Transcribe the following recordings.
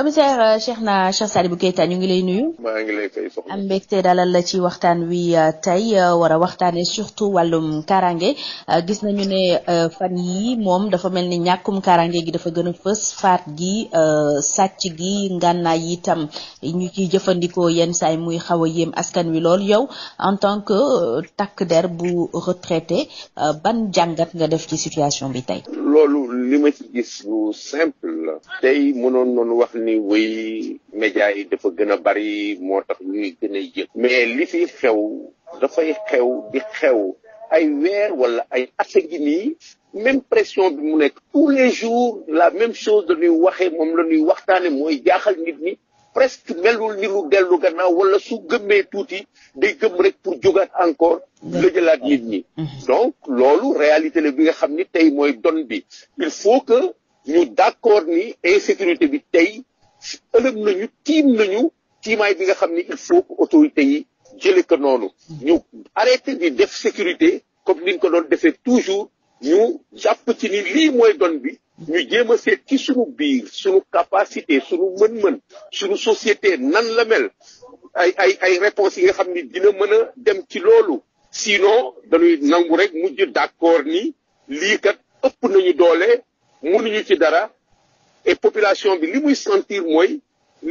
commissaire euh, na Cheikh Sadibou Keita ñu ngi lay nuyu. maa ngi am mbégte dalal la ci waxtaan wi euh, tey euh, war a waxtaanee surtout wàllum karange gis nañu ne fan yi moom dafa mel ni ñàkkum karange gi dafa gën a fës faat gi sàcc gi ngànnaay yi itam ñu ciy jëfandikoo yenn saay muy xaw a yéem askan wi lool yow en tant que takk der bu retraité ban jàngat nga def ci situation bi tey. li ma ci gis lu simple la tey mënoon noonu wax ni wuy média yi dafa gën a bari moo tax ñuy gën a yëg mais li fi xew dafay xew di xew ay weer wala ay at ngi nii même pression bi mu nekk tous les jours la même chose dañuy waxee moom la ñuy waxtaane mooy jaaxal nit ñi presque melul ni lu dellu gannaaw wala su gëmmee tuuti day gëm rek pour jógaat encore la jëlaat nit ñi mhm. donc loolu réalité la bi nga xam ni tey mooy done bi il faut que ñu d'accord ni insécurité bi tey ëlëm ñu tiim nañu tiimaay bi nga xam ni il faut que autorités yi jële ko noonu ñu arrêté di def sécurité comme ni ko doon defee toujours ñu jàpp ci ni lii mooy done bi ñu jéem a seet ci suñu biir suñu capacité suñu mën-mën suñu société nan la mel ay ay ay réponses yi nga xam ni dina mën a dem ci loolu sinon dañuy nangu rek mujj d'accord ni lii kat ëpp nañu doole mu mënuñu ci dara et population bi li muy sentir mooy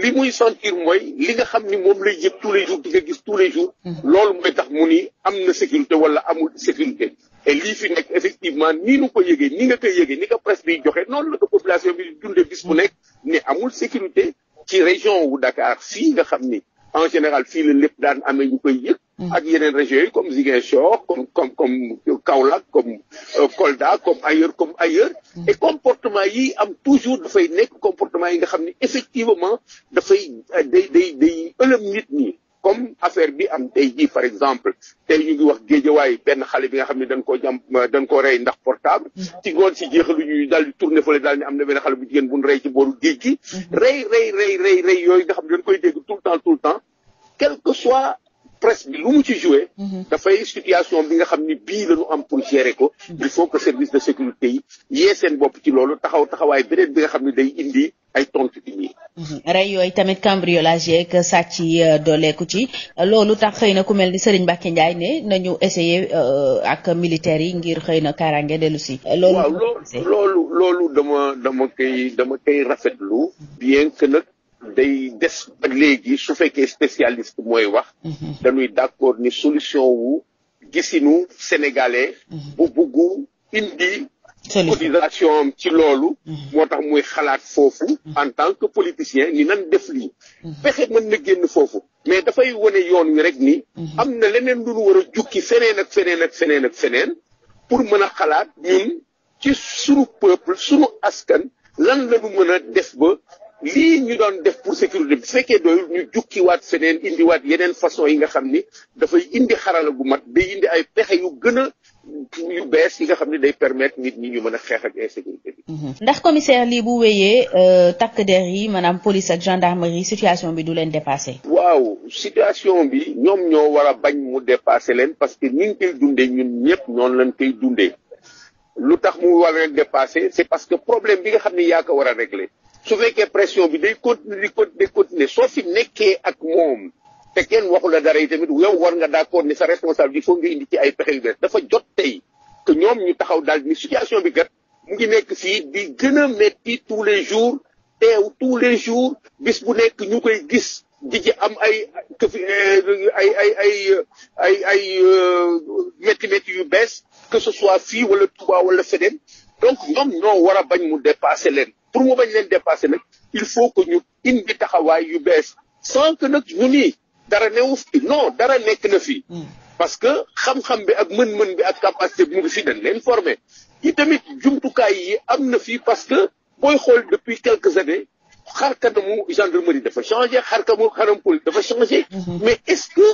li muy sentir mooy li nga xam ni moom lay yëg tous les jours di nga gis tous les jours. Mm-hmm. loolu mooy tax mu ni am na sécurité wala amul sécurité. et lii fi nekk effectivement nii nu ko yëgee ni nga koy yëgee ni nga presse bi joxe noonu la ko population bi dundee bis bu nekk ne amul sécurité ci région wu Dakar fii nga xam ni en général fii la lépp daan amee ñu koy yëg. Mm. ak yeneen yi comme Ziguinchor comme comme comme euh, Kaolack comme euh, Kolda comme ailleurs comme ailleurs. Mm. comportement yi am toujours dafay nekk comportement yi nga xam ni effectivement dafay euh, day day day ëlëm nit ñi. affaire bi am tey jii par exemple tey ñu ngi wax géejawaay benn xale bi nga xam ne dañ koo jam dañ koo rey ndax portable mm-hmm. ci ngoon si jeexalu ñu daal di tourné fële daal ni am na benn xale bu jigéen bu ñu rey ci booru géej mm-hmm. rey rey rey yooyu nga xam ne dañ koy dégg tout le temps tout le temps quel soit presse bi lu mu ci joué. Mhm. dafay situation bi nga xam ni bii la am pour gérer ko. Mhm. il faut que service de sécurité yi yee seen bopp ci loolu taxaw taxawaay beneen bi nga xam ne day indi ay tontu bi ñii. Mhm. rey yooyu tamit cambriolage yeeg sàcc yi euh, dooleeku ci loolu tax xëy na ku mel ni Serigne Mbacké Ndiaye ne nañu essayer euh, ak militaires yi ngir xëy na kaaraange dellu si. loolu loolu loolu dama dama koy dama koy rafetlu. bien que nag. day des ba léegi su fekkee spécialiste mooy wax mhm. dañuy d'accord ni solution wu gisinu sénégalais mhm. bu buggu indi cotisation am ci loolu mhm. moo tax muy xalaat foofu en tant que politicien ni nan def lii pexe mën na génn foofu mais dafay wane yoon wi rek ni am na leneen lu nu war a jukki feneen ak feneen ak feneen ak feneen pour mën a xalaat ñun ci sunu peuple sunu askan lan la ñu mën a def ba lii ñu doon def pour sécurité bu fekkee doyul ñu jukkiwaat feneen indiwaat yeneen façon yi nga xam ni dafay indi xarala gu mat day indi ay pexe yu gën a yu bees yi nga xam ne day permettre nit ñi ñu mën a xeex ak insécurité bi. Mhm. ndax commissaire lii bu wéyee euh, takk der yi maanaam police ak gendarmerie situation bi du leen dépassé. waaw situation bi ñoom ñoo war a bañ mu dépassé leen parce que ni ñu koy dundee ñun ñëpp ñoonu lañ koy dundee lu tax mu war leen dépassé c'est parce que problème bi nga xam ne yaa ko war a réglé. su fekkee pression bi day continuer di continuer day continuer soo fi nekkee ak moom te kenn waxu la dara yi tamit yow war nga d'accord ni sa responsable bi foog nga indi ci ay pexe yu bees dafa jot tey que ñoom ñu taxaw daal ni situation bi gat mu ngi nekk fii di gën a metti tous les jours teew tous les jours bis bu nekk ñu koy gis di ci am ay euh, ay ay ay ay ay euh, métti métti yu bees que ce soit fii wala Touba wala feneen donc ñoom ñoo war bañ mu dépasser leen pour mu bañ leen dépasser nag il faut que ñu indi taxawaay yu bees sans nag ñu nii dara newu fi non dara nekk na fi. Hmm. parce que xam-xam bi ak mën-mën bi ak capacité bi mu ngi fi dañ leen former yi tamit jumtukaay yi am na fi parce que booy xool depuis quelques années xar kanamu gendarmerie dafa changer xar kanamu xaram police dafa changé. Hmm. mais est-ce que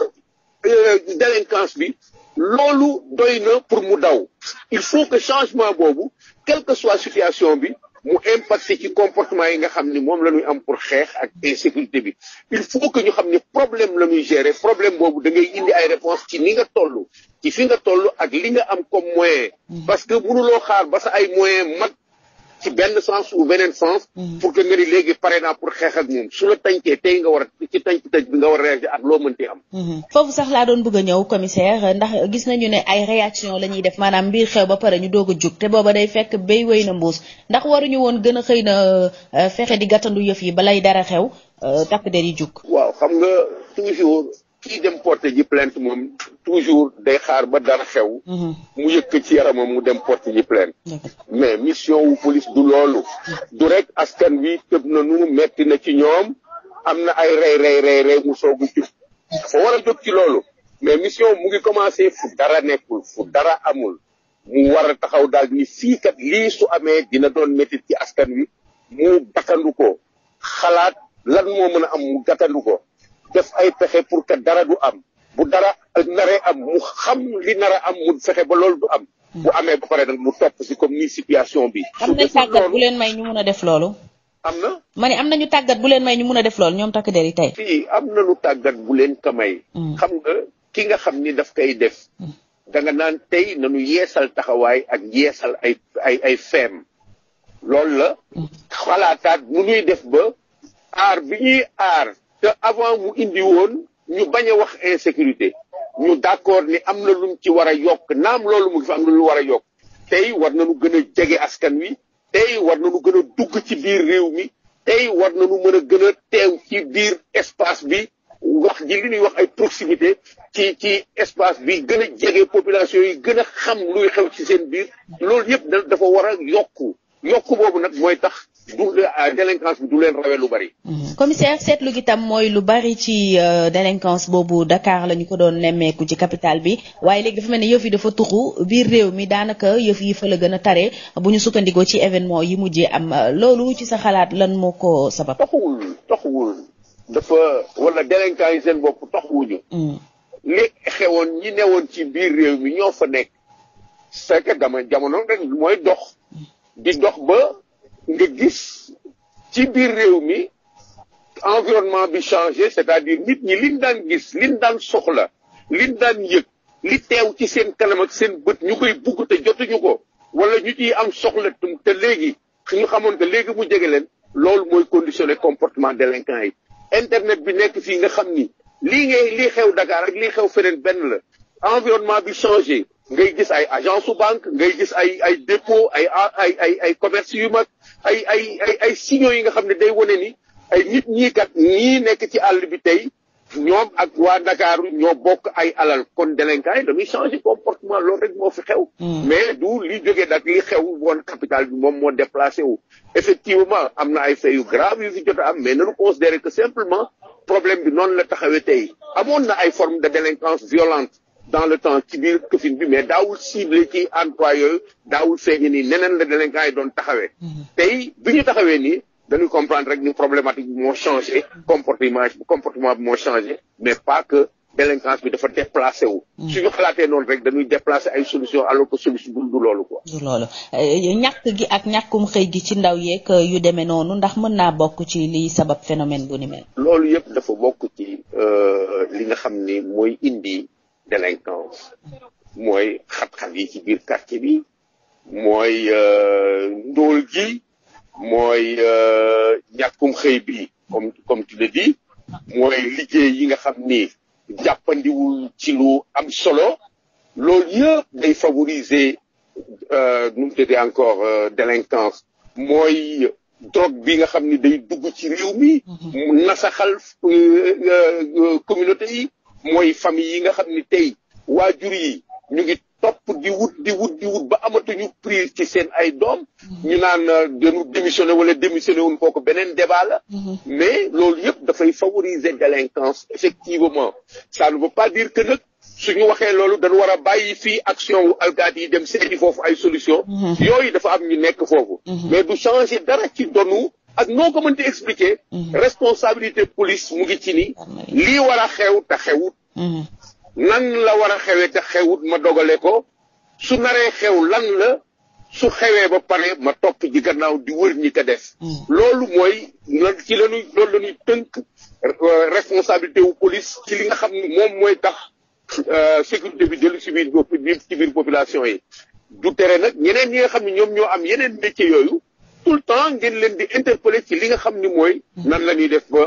euh, délinquance bi. loolu doy na pour mu daw il faut que changement boobu quelle que soit situation bi. mu impacté ci comportement yi nga xam ni moom la ñuy am pour xeex ak insécurité bi il faut que ñu xam ni problème la ñuy gérer problème boobu da ngay indi ay réponse ci ni nga toll ci fi nga toll ak li nga am comme moyen mm-hmm. parce que mënuloo xaar ba sa ay moyen mat ci benn sens ou beneen sens. Mm. pour que nga ni léegi pare naa pour xeex moom su la tànkee tey nga war a ci tànk tëj bi nga war a réagir ak loo mënti am. Mm-hmm. foofu sax laa doon bëgg a ñëw commissaire ndax gis nañu ne ay réaction la ñuy def maanaam mbir xew ba pare ñu doog a jug te booba day fekk béy wéy na mbuus ndax waruñu woon gën a xëy na euh, fexe di gàttandu yëf yi balay dara xew euh, takk der yi jug. waaw xam nga toujours kii dem porté ji plainte moom toujours day xaar ba dara xew. Mhm. mu yëkk ci yaramam mu dem porté ji plainte. mais mission wu police du loolu. du rek askan wi tëb na nu metti na ci ñoom am na ay rey rey rey rey mu soogu ci dafa war a ci loolu. mais mission mu ngi commencé fu dara nekkul fu dara amul mu war taxaw daal ni fii lii su amee dina doon métit ci askan wi mu gàttandu ko xalaat lan moo mën a am mu gàttandu ko. def ay pexe pour que dara du am bu dara naree am mu xam li nara am mu fexe ba loolu du am. bu amee ba pare nag mu topp si comme ni situation bi. am na tàggat bu leen may ñu mun a def loolu. na. ma ne am nañu tàggat bu leen may ñu a def loolu ñoom takk der yi tey. fii am na lu tàggat bu leen ko may. Hmm. xam nga ki nga xam ni daf koy def. Hmm. da nga naan tey nañu yeesal taxawaay ak yeesal ay ay feem. loolu la. Hmm. xalaataat nu ñuy def ba aar bi ñuy aar. te avant mu indi woon ñu bañ a wax insécurité ñu d'accord ni am na lu ci war a yokk naam loolu mu ngi fi am na lu war a yokk tey war nañu gën a jege askan wi tey war nañu gën a dugg ci biir réew mi tey war nañu mën a gën a teew ci biir espace bi wax ji li ñuy wax ay proximité ci ci espace bi gën a jege population yi gën a xam luy xew ci seen biir loolu yëpp dafa war a yokku yokku boobu nag mooy tax du eh, délinquance bi du leen rawee lu bari. Mhm. commissaire seetlu gi tam mooy lu bari ci euh, délinquance boobu Dakar la ñu ko doon nemmeeku ci capital bi waaye léegi dafa mel ne yëf yi dafa tuxu biir réew mi daanaka yëf yi fa la gën a tare bu ñu sukkandikoo ci événement yi mujjee am loolu ci sa xalaat lan moo ko sabab. taxawul taxawul dafa wala délinquant yi seen bopp taxawuñu. Mhm. li xewoon ñi newoon ci biir réew mi ñoo fa nekk. c'est dama jamono rek mooy dox. Mhm. di dox ba. nga gis ci biir réew mi environnement bi changé c'est-à-dire nit ñi liñ daan gis liñ daan soxla liñ daan yëg li teew ci seen kanam ak seen bët ñu koy bugg te jotuñu ko wala ñu ciy am soxla te léegi ñu xamoon que léegi mu jege leen loolu mooy conditionner comportement de délinquant yi internet bi nekk fii nga xam ni lii ngay lii xew Dakar ak lii xew feneen benn la environnement bi changé ngay gis ay agence su banque ngay gis ay ay dépôt ay ay ay ay commerce yu mag ay ay ay ay signaux yi nga xam ne day wane ni ay nit ñii kat ñii nekk ci àll bi tey ñoom ak waa Ndakaaru ñoo bokk ay alal kon délinquant yi dañuy changer comportement loolu rek moo fi xew hmm. mais du li jógee nag li xew woon capital bi moom moo déplacé wu effectivement am na ay faits yu grave yu fi jot a am mais nañu considérer que simplement problème bi noonu la taxawee tey amoon na ay forme de délinquance violente dans le temps ci biir këfin bi mais daawul ciblé ci emploi yooyu daawul feeñe nii neneen la délinquant yi doon taxawee mhm. tey bi ñu taxawee nii dañuy comprendre rek ñu problématique bi moo changé comportement comportement bi moo changé mais pas que délinquance bi dafa déplacé wu. Mhm. suñu xalaatee noonu rek dañuy déplacé ay solution alors que solution du loolu quoi. du loolu euh, ñàkk gi ak ñàkkum xëy gi ci ndaw yeeg euh, yu demee noonu ndax mën naa bokk ci liy sabab phénomène bu ni mel. loolu yëpp dafa bokk ci euh, li nga xam ni mooy indi délinquance mooy xat-xat yi ci biir quartier bi mooy euh, ndóol gi mooy euh, ñàkkum xëy bi comme comme tu le dis mooy liggéey yi nga xam ni jàppandiwul ci lu am solo loolu yëpp day favoriser euh, nu mu tuddee encore délinquance mooy drogue bi nga xam ni day dugg ci réew mi mm-hmm. communauté yi mooy famille yi nga xam ni tey waajur yi ñu ngi topp di wut di wut di wut ba amatuñu prise ci seen ay doom. Mm-hmm. ñu naan euh, dañu démissionné wala démissionné wuñ ko beneen débat la. Mm-hmm. mais loolu yëpp dafay favoriser délinquance effectivement ça ne veut pas dire que su ñu waxee loolu dañu war a bàyyi fii action wu alkaati yi dem seeti foofu ay solution mm-hmm. yooyu dafa am ñu nekk foofu. mais du changer dara ci donu. ak noo ko mënti expliquer mhm. responsabilité police mu ngi ci nii lii war a xew te xewut mhm. nan la war a xewee te xewut ma dogale ko su naree xew lan la su xewee ba pare ma topp ji gannaaw di wër ñi ko def mhm. loolu mooy ci lañuy loolu la tënk euh, responsabilité wu police ci li nga xam ne moom mooy tax euh, sécurité bi dellu ci biir ci biir population yi du tere nag ñeneen ñi nga xam ne ñoom ñoo am yeneen métier yooyu tout temps ngeen leen di interpeller ci li nga xam ni mooy nan la ñuy def ba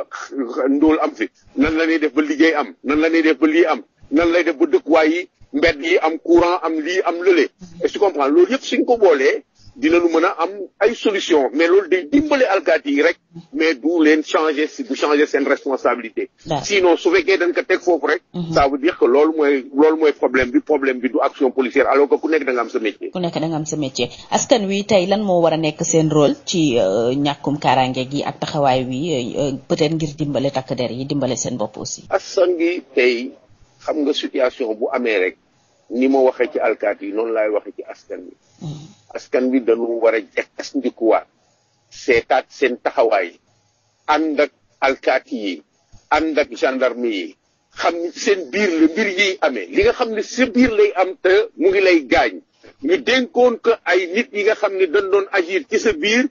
ndóol am fi nan la ñuy def ba liggéey am nan la ñuy def ba lii am nan lay def ba dëkkuwaay yi mbedd yi am courant am lii am lële. est-ce que tu comprends loolu yëpp suñ ko boolee dinañu mën a am ay solution mais loolu day dimbale alkaati yi rek mais du leen changer si du changer seen responsabilité sinon su fekkee dañ ko teg foofu rek mhm. ça veut dire que loolu mooy loolu mooy problème bi problème bi du action policière alors que ku nekk da sa métier ku nekk da nga am sa métier askan wi tey lan moo war a nekk seen rôle ci euh, ñàkkum kaaraange gi ak taxawaay wi euh, euh, peut-être ngir dimbale takk der yi dimbale seen bopp aussi askan gi xam nga situation bu amee rek ni ma waxee ci alkaat yi noonu laay waxee ci askan wi mm. askan bi dañu war a jekkas ndikuwaat seetaat seen taxawaay ànd ak alkaat yi ànd ak gendarme yi xam ni seen biir la mbir yiy amee li nga xam ne sa biir lay am te mu ngi lay gaañ ñu dénkoon ko ay nit yi nga xam ne dañ doon agir ci sa biir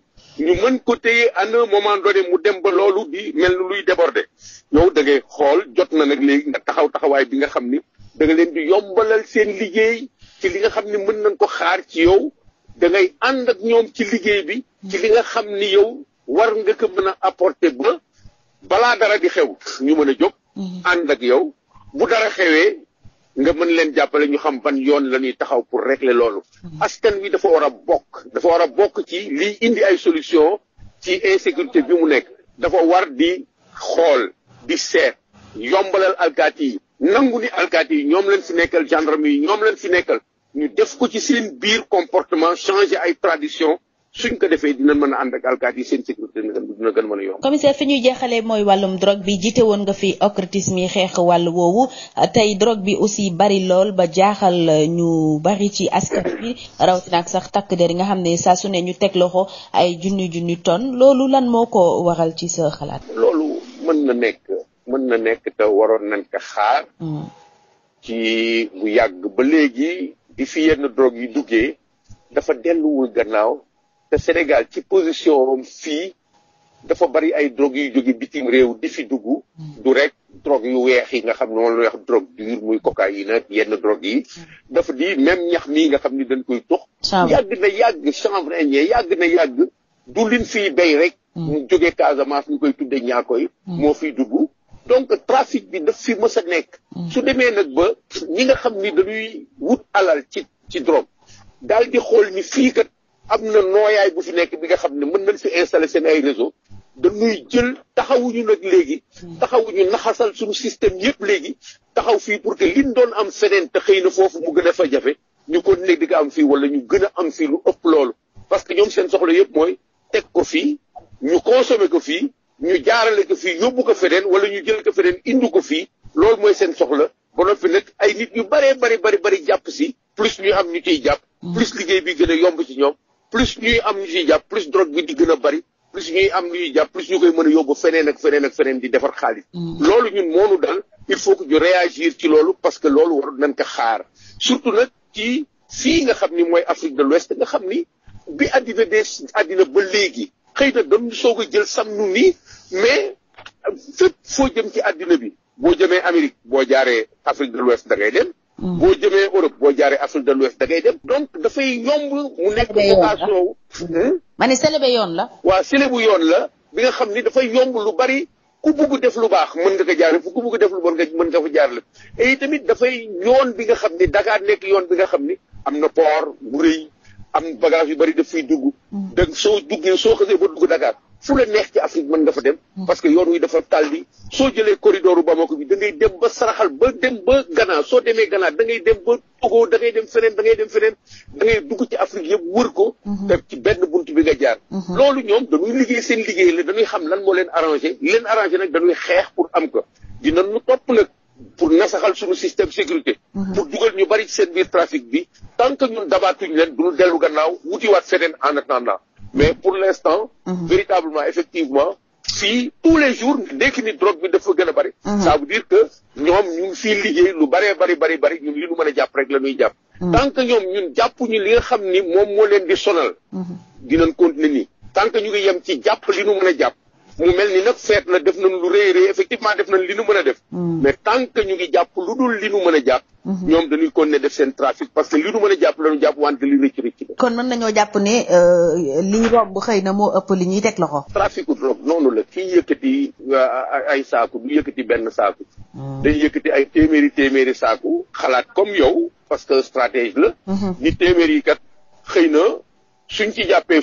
ñu mën ko téye à moment donné mu dem ba loolu di mel ni luy déborder yow da xool jot na nag léegi nga taxaw taxawaay bi nga xam ni danga nga leen di yombalal seen liggéey ci li nga xam ne mën nañ ko xaar ci yow da ngay ànd ak ñoom ci liggéey bi ci li nga xam ni yow war nga ko mën a apporter ba balaa dara di xew ñu mën a jóg mm-hmm. ànd ak yow bu dara xewee nga mën leen jàppale ñu xam ban yoon la ñuy taxaw pour regle loolu mm-hmm. askan wi dafa war a bokk dafa war a bokk ci liy indi ay solution ci insécurité bi mu nekk dafa war di xool di seet yombalal alkaati yi nangu ni alkaati yi ñoom leen fi nekkal gendarme yi ñoom leen fi nekkal ñu def ko ci seen biir comportement changer ay tradition suñ ko defee dina mën a ànd ak alkaati yi seen sécurité dina gën mën a yomb. commissaire fi ñuy jeexalee mooy wàllum drogue bi jiite woon nga fi occultisme yi xeex wàll woowu tey drogue bi aussi bari lool ba jaaxal ñu bari ci askan bi rawatina ak sax takk der yi nga xam ne saa su ne ñu teg loxo ay junni junni tonnes loolu lan moo ko waral ci sa xalaat. loolu mën na nekk. na nekk te waroon nañ ko xaar mm. ci bu yàgg ba léegi di fi yenn drogue yu duggee dafa delluwul gannaaw te Sénégal ci position fii dafa bari ay drogue yu jóge bitim réew di fi dugg mm. du rek drogue yu weex yi nga xam ne moom la wax drogue dure muy cocaïne yenn drogue yi mm. dafa di même ñax mii nga xam ni dañ koy tux yàgg na yàgg chanvre indien yàgg na yàgg du fi fiy rek mu jógee Casamance ñu koy tudde ñaa koy moo fiy dugg donc trafic bi daf fi mës a nekk. Hmm. su demee nag ba ñi nga xam ni dañuy wut alal ci ci drogue daal di xool ni fii kat am na nooyaay bu fi nekk bi nga xam ne mën nañ fi installer seen ay réseau dañuy jël taxawuñu nag léegi. Hmm. taxawuñu naxasal suñu système yëpp léegi taxaw fii pour que li doon am feneen te xëy na foofu mu gën a fa jafe ñu ko ne di nga am fii wala ñu gën a am fii lu ëpp loolu. parce que ñoom seen soxla yëpp mooy teg ko fii ñu consommer ko fii. ñu jaarale ko fii yóbbu ko feneen wala ñu jël ko feneen indu ko fii loolu mooy seen soxla ba noppi nag ay nit ñu bëree bari bari bari jàpp si plus ñuy ñu ciy jàpp mm. plus liggéey bi gën a yomb ci ñoom plus ñuy am ñu ciy jàpp plus drogue bi di gën a bari plus ñuy am lu ñuy jàpp plus ñu koy mën a yóbbu feneen ak feneen ak feneen di defar xaalis mm. loolu ñun moonu dal il faut que ñu réagir ci loolu parce que loolu war nañ ko xaar surtout nag ci fii nga xam ni mooy Afrique de l'Ouest nga xam ni bi àddina dee àddina ba léegi xëy na doon soog a jël sam nu nii mais fépp foo jëm ci àddina bi boo jëmee Amérique boo jaaree Afrique de l'Ouest da ngay dem. Hmm. boo jëmee Europe boo jaaree Afrique de l'Ouest da ngay dem. donc dafay yomb mu nekk vocation. Hmm? ma ne sélébé yoon la. waaw sélébé yoon la bi nga xam ni dafay yomb lu bari ku buggu def lu baax mën nga ko jaarale ku bugg def lu bon nga mën nga fa la et tamit dafay yoon bi nga xam ni Dakar nekk yoon bi nga xam ni am na port bu am bagage yu bëri def fiy dugg. Mm. dégg soo duggee soo xasee ba dugg Dakar fu la neex ci Afrique mën nga fa dem. Mm. parce que yoon wi dafa tàlli soo jëlee corridor Bamako bi da ngay dem ba saraxal ba dem ba Ghana soo demee Ghana da ngay dem ba Togo da ngay dem feneen da ngay dem feneen da ngay dugg ci Afrique yëpp wër ko. Mm-hmm. te ci benn bunt bi nga jaar. Mm-hmm. loolu ñoom dañuy liggéey seen liggéey la dañuy xam lan moo leen arrangé leen arrangé nag dañuy xeex pour am ko dinañu topp pour nasaxal suñu système sécurité. Mhm. pour dugal ñu bari ci seen biir trafic bi. tant que ñun dabaatuñ leen du ñu dellu gannaaw wutiwaat feneen en attendant. mais pour l' mhm. véritablement effectivement. fii tous les jours ndekki ni drogue bi dafa gën a bari. Mhm. ça veut dire que ñoom ñu ngi fii liggéey lu baree bari bari bari ñun li nu mën a jàpp rek la ñuy jàpp. tant ñoom ñun jàppuñu li nga xam ni moom moo leen di sonal. dinañ continuer nii. tant ñu ngi yem ci jàpp li jàpp. mu mel ni nag feet la def nañ lu rëy rëy effectivement def nañ li nu mën a def hmm. mais tant que ñu ngi jàpp lu dul li nu mën a jàpp hmm. ñoom dañuy kon ne def seen trafic parce que li nu mën a jàpp lañu jàpp wante li rëcc rëcc la kon mën nañoo jàpp ne euh, li romb xëy na moo ëpp li ñuy teg loxo trafic drogue noonu la kii yëkkati euh, ay saaku du yëkkati benn saaku hmm. day yëkkati ay téeméeri téeméeri saaku xalaat comme yow parce que stratégie la ni téeméer yi kat xëy na suñ ci jàppee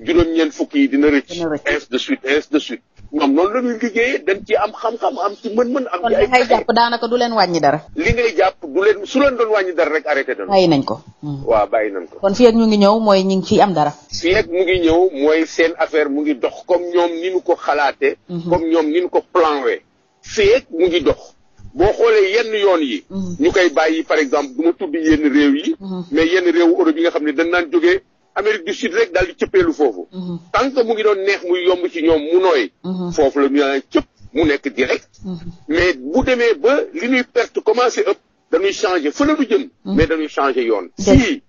juróom-ñeent fukk yi dina rëcc. dina rëcc ainsi de suite ainsi de suite. ñoom noonu la ñuy liggéeyee ci am xam-xam am ci mën-mën. am ci ay daanaka du leen wàññi dara. li ngay jàpp du leen su leen doon wàññi dara rek arrêté doon. bàyyi nañ ko. Hmm. waaw bàyyi nañ ko. kon fii ak ñu ngi ñëw mooy ñu ngi ciy am dara. fii ak mu ngi ñëw mooy seen affaire mu ngi dox comme ñoom ni ñu ko xalaatee. Hmm. comme ñoom ni ñu ko planwee. fii ak mu ngi dox. boo xoolee yenn yoon yi. Hmm. ñu koy bàyyi par exemple du ma tudd yenn réew yi. mais yenn réew Europe yi nga xam ne dañ naan jógee Amérique du Sud rek daal di cëppeelu foofu. Mhm. tant que mu ngi doon neex muy yomb ci ñoom mu nooy. Mhm. foofu la ñu daan cëpp mu nekk direct. Mhm. mais bu demee ba li ñuy perte commencé ëpp dañuy changé la du jëm. mais dañuy changé yoon. si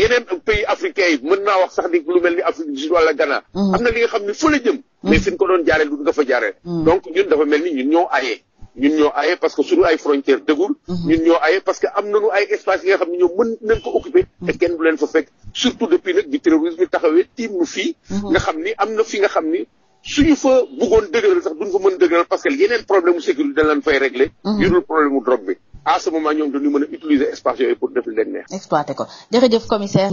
yeneen pays africain yi mën naa wax sax ni lu mel ni Afrique du Sud wala Ghana. am na li nga xam ne fële jëm. mais fi ñu ko doon jaaree du nga fa jaaree. donc ñun dafa mel ni ñun ñoo aye ñun ñoo aye parce que suñu ay frontière dëggul mhm. ñun ñoo aye parce que am nañu ay espace yi nga xam ne ñoom mën nañ ko occuper mhm. te kenn du leen fa fekk surtout depuis nag bi terrorisme taxawee tiim nu fii mhm. nga xam ni am na fi nga xam ni suñu fa bëggoon dëgëral sax duñ fa mën dëgëral parce que yeneen problème sécurité dañ fay régler yu dul problème mu bi à ce moment ñoom dañu mën a utiliser espace yooyu pour def leen neex. exploité ko jërëjëf commissaire